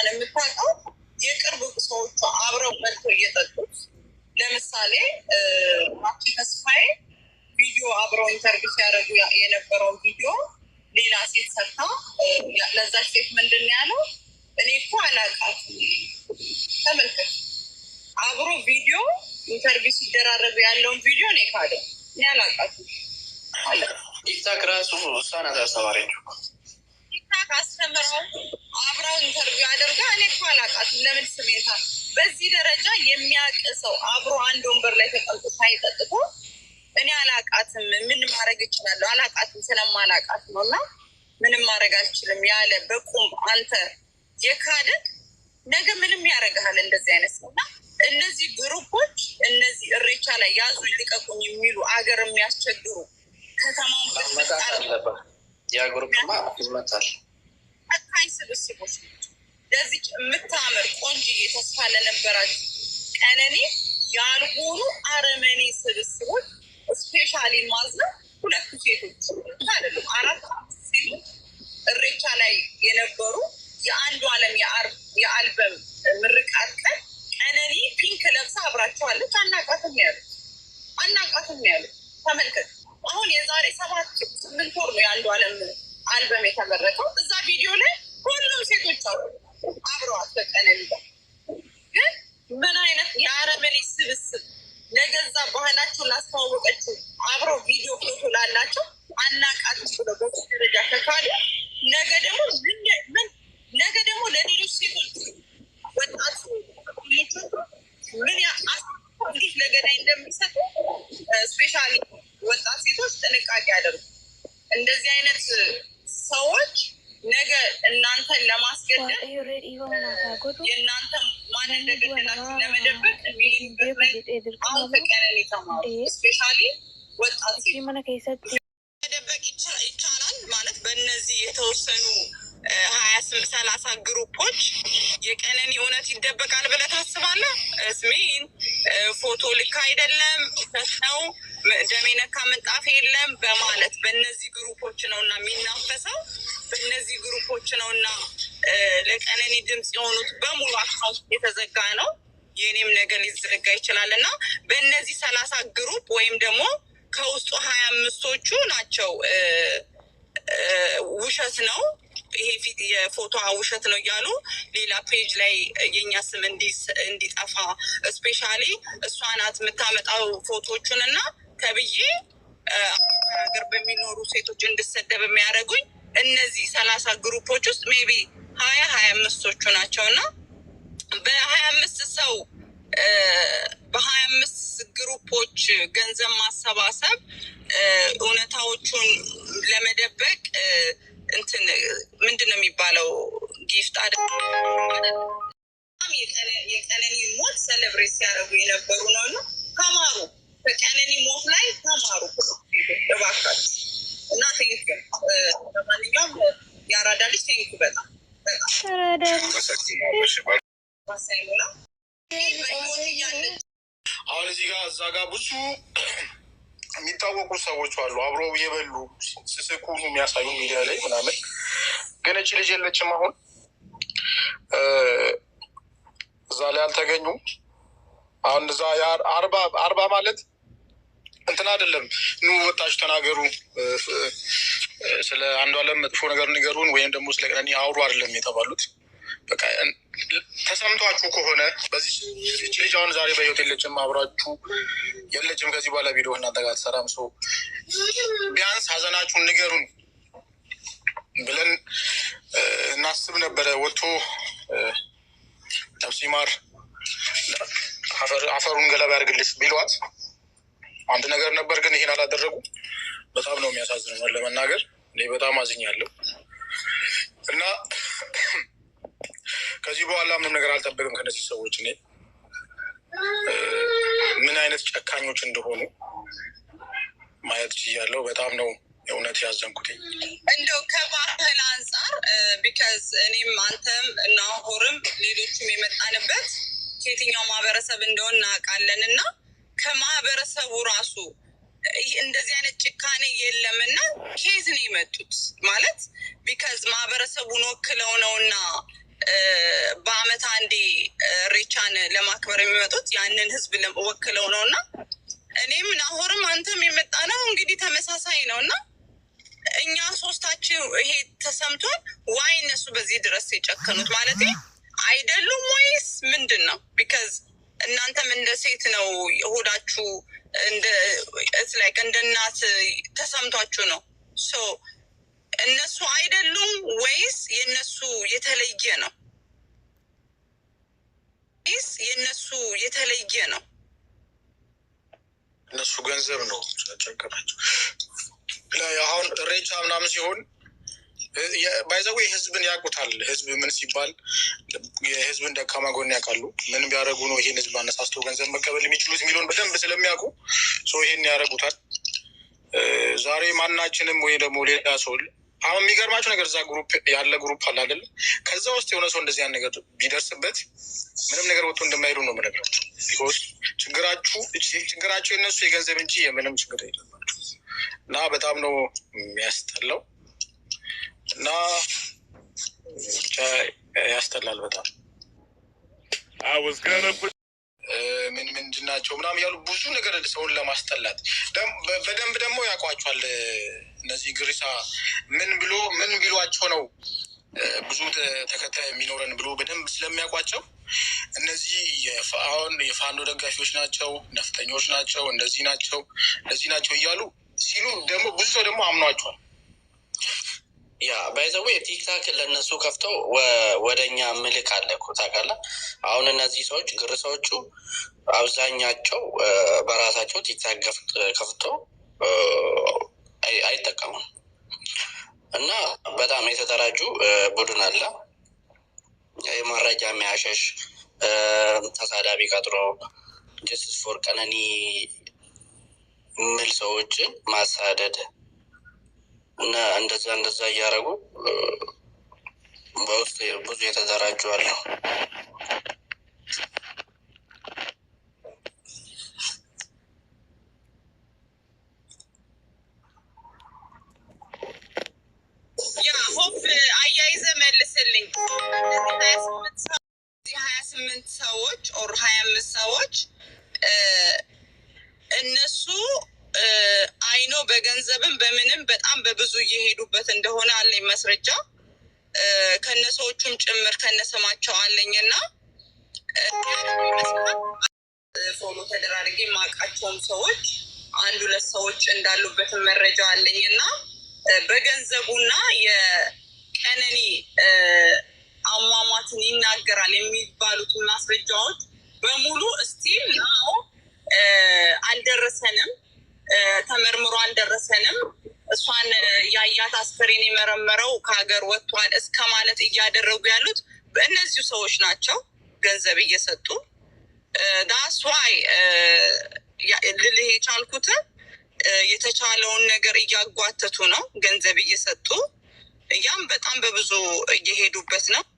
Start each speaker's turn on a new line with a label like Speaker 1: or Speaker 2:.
Speaker 1: እሷን የምታውቀው የቅርብ ሰዎቹ አብረው መጥቶ እየጠጡት ለምሳሌ ማኪ ተስፋዬ ቪዲዮ አብረው ኢንተርቪው ሲያደርጉ የነበረውን ቪዲዮ ሌላ ሴት ሰርታ ለዛች ሴት ምንድን ያለው እኔ እኮ አላውቃትም ተመልከት አብሮ ቪዲዮ ኢንተርቪው ሲደራረጉ ያለውን ቪዲዮ እኔ ካለ እኔ አላውቃትም
Speaker 2: ይታክ ራሱ እሷ ናት ነው
Speaker 1: ካስተምረው አብራው ኢንተርቪው አድርጋ እኔ እኮ አላውቃትም ለምን ስሜታ በዚህ ደረጃ የሚያውቅ ሰው አብሮ አንድ ወንበር ላይ ተቀምጦ ሳይጠጥቶ እኔ አላውቃትም ምን ማድረግ እችላለሁ? አላውቃትም ስለማላውቃት ነው እና ምንም ማድረግ አልችልም ያለ በቁም አንተ የካደግ ነገ ምንም ያደርግሃል። እንደዚህ አይነት ነው እና እነዚህ ግሩፖች እነዚህ እሬቻ ላይ ያዙ ሊቀቁኝ የሚሉ አገር የሚያስቸግሩ ከተማ
Speaker 2: ያ ግሩፕማ ይመጣል።
Speaker 1: ጨካኝ ስብስቦች ናቸው። ለዚህ የምታምር ቆንጅዬ ተስፋ ለነበራችሁ ቀነኔ ያልሆኑ አረመኔ ስብስቦች ስፔሻሊ ማዝነው ሁለቱ ሴቶች አልበም የተመረጠው እዛ ቪዲዮ ላይ ሁሉም ሴቶች አሉ አብረዋት በቀነኒ ግን ምን አይነት የአረመኔ ስብስብ ለገዛ ባህላቸው ላስተዋወቀችው አብረው ቪዲዮ ፎቶ ላላቸው አናቃት ብለው በዚህ ደረጃ ተካደ ነገ ደግሞ
Speaker 3: ይቻላል
Speaker 1: ማለት በእነዚህ የተወሰኑ ሀያ ሰላሳ ግሩፖች የቀነኒ እውነት ይደበቃል ብለህ ታስባለህ? እስሜን ፎቶ ልክ አይደለም ነው ደሜነካ ምንጣፍ የለም በማለት በእነዚህ ግሩፖች ነው እና የሚናፈሰው በእነዚህ ግሩፖች ነው እና ለቀነኒ ድምፅ የሆኑት በሙሉ አካውንት የተዘጋ ነው። የእኔም ነገር ሊዘጋ ይችላል እና በእነዚህ ሰላሳ ግሩፕ ወይም ደግሞ ከውስጡ ሀያ አምስቶቹ ናቸው ውሸት ነው ይሄ ፊት የፎቶ ውሸት ነው እያሉ ሌላ ፔጅ ላይ የኛ ስም እንዲጠፋ እስፔሻሊ እሷ ናት የምታመጣው ፎቶቹን እና ከብዬ ሀገር በሚኖሩ ሴቶች እንድሰደብ የሚያደርጉኝ እነዚህ ሰላሳ ግሩፖች ውስጥ ሜቢ ሀያ ሀያ አምስቶቹ ናቸው እና በሀያ አምስት ሰው በሀያ አምስት ግሩፖች ገንዘብ ማሰባሰብ እውነታዎቹን ለመደበቅ እንትን ምንድን ነው የሚባለው ጊፍት አደ የቀነኒ ሞት ሰለብሬት ሲያደርጉ የነበሩ ነው እና ተማሩ፣ በቀነኒ ሞት ላይ ተማሩ እባካችሁ እና ቴንክ ለማንኛውም የአራዳ ልጅ ቴንክ በጣም
Speaker 2: አሁን እዚህ ጋር እዛ ጋር ብዙ የሚታወቁ ሰዎች አሉ፣ አብረው የበሉ ስስቁ የሚያሳዩ ሚዲያ ላይ ምናምን። ግን እች ልጅ የለችም። አሁን እዛ ላይ አልተገኙ አሁን እዛ አርባ ማለት እንትን አይደለም ኑ ወጣችሁ ተናገሩ ስለ አንዱ አለም መጥፎ ነገር ንገሩን ወይም ደግሞ ስለ ቀነኒ አውሩ አይደለም የተባሉት። በቃ ተሰምቷችሁ ከሆነ በዚህ ልጅ አሁን ዛሬ በህይወት የለችም፣ አብራችሁ የለችም። ከዚህ በኋላ ቪዲዮ እናንተ ጋር አትሰራም። ሰው ቢያንስ ሀዘናችሁን ንገሩን ብለን እናስብ ነበረ። ወጥቶ ነፍሲ ማር አፈሩን ገለባ ያርግልሽ ቢሏት አንድ ነገር ነበር፣ ግን ይሄን አላደረጉ። በጣም ነው የሚያሳዝነው ለመናገር እኔ በጣም አዝኛለሁ እና ከዚህ በኋላ ምንም ነገር አልጠበቅም ከነዚህ ሰዎች እኔ ምን አይነት ጨካኞች እንደሆኑ ማየት ችያለሁ። በጣም ነው የእውነት ያዘንኩትኝ።
Speaker 1: እንደው ከባህል አንጻር ቢካዝ እኔም አንተም ናሆርም ሌሎችም የመጣንበት ከየትኛው ማህበረሰብ እንደሆን እናውቃለን እና ከማህበረሰቡ ራሱ እንደዚህ አይነት ጭካኔ የለም እና ኬዝ ነው የመጡት ማለት ቢከዝ ማህበረሰቡን ወክለው ነውና በአመት አንዴ ሬቻን ለማክበር የሚመጡት ያንን ህዝብ ወክለው ነው እና እኔም ናሆርም አንተም የመጣ ነው እንግዲህ ተመሳሳይ ነው እና እኛ ሶስታችን ይሄ ተሰምቶን ዋይ እነሱ በዚህ ድረስ የጨከኑት ማለት አይደሉም ወይስ ምንድን ነው ቢካዝ እናንተም እንደ ሴት ነው የሆዳችሁ ላይክ እንደ እናት ተሰምቷችሁ ነው። ሶ እነሱ አይደሉም ወይስ የነሱ የተለየ ነው? ወይስ የነሱ የተለየ ነው?
Speaker 2: እነሱ ገንዘብ ነው ጨቀናቸው አሁን ሬቻ ምናምን ሲሆን ባይዘዌ ህዝብን ያውቁታል። ህዝብ ምን ሲባል የህዝብን ደካማ ጎን ያውቃሉ። ምን ቢያደረጉ ነው ይህን ህዝብ አነሳስቶ ገንዘብ መቀበል የሚችሉት የሚለውን በደንብ ስለሚያውቁ ሰው ይሄን ያደርጉታል። ዛሬ ማናችንም ወይ ደግሞ ሌላ ሰው አሁን የሚገርማቸው ነገር እዛ ግሩፕ ያለ ግሩፕ አለ አይደለም። ከዛ ውስጥ የሆነ ሰው እንደዚህ ያን ነገር ቢደርስበት ምንም ነገር ወጥቶ እንደማይሉ ነው የምነግራቸው። ችግራችሁ ችግራቸው የነሱ የገንዘብ እንጂ የምንም ችግር የለባቸው እና በጣም ነው የሚያስጠላው። እና ብቻ ያስጠላል በጣም ምን ምንድን ናቸው ምናምን ያሉ ብዙ ነገር ሰውን ለማስጠላት በደንብ ደግሞ ያውቋቸዋል። እነዚህ ግሪሳ ምን ብሎ ምን ቢሏቸው ነው ብዙ ተከታይ የሚኖረን ብሎ በደንብ ስለሚያውቋቸው እነዚህ አሁን የፋኖ ደጋፊዎች ናቸው፣ ነፍጠኞች ናቸው፣ እንደዚህ ናቸው፣ እንደዚህ ናቸው እያሉ ሲሉ ደግሞ ብዙ ሰው ደግሞ አምኗቸዋል።
Speaker 4: ያ ባይዘዌ ቲክታክ ለእነሱ ከፍተው ወደ እኛ ምልክ አለ እኮ ታውቃለህ። አሁን እነዚህ ሰዎች ግር ሰዎቹ አብዛኛቸው በራሳቸው ቲክታክ ከፍተው አይጠቀሙም እና በጣም የተደራጁ ቡድን አለ። የመረጃ የሚያሸሽ ተሳዳቢ ቀጥሮ ጀስቲስ ፎር ቀነኒ ምል ሰዎችን ማሳደድ እና እንደዛ እንደዛ እያደረጉ በውስጥ ብዙ የተደራጁ አሉ።
Speaker 1: ሆፕ አያይዘ መልስልኝ። ሀያ ስምንት ሰዎች ኦር ሀያ አምስት ሰዎች እነሱ በገንዘብም በምንም በጣም በብዙ እየሄዱበት እንደሆነ አለኝ መስረጃ ከነሰዎቹም ጭምር ከነሰማቸው አለኝ እና ፎሎ ተደራርጌ ማውቃቸውም ሰዎች አንድ ሁለት ሰዎች እንዳሉበትን መረጃ አለኝ እና በገንዘቡና የቀነኒ አሟሟትን ይናገራል የሚባሉት ማስረጃዎች በሙሉ እስቲል ነው አልደረሰንም። ተመርምሮ አልደረሰንም። እሷን ያያት አስከሬን የመረመረው ከሀገር ወጥቷል እስከ ማለት እያደረጉ ያሉት በእነዚሁ ሰዎች ናቸው፣ ገንዘብ እየሰጡ ዳስዋይ ልልህ የቻልኩትን የተቻለውን ነገር እያጓተቱ ነው፣ ገንዘብ እየሰጡ እያም በጣም በብዙ እየሄዱበት ነው።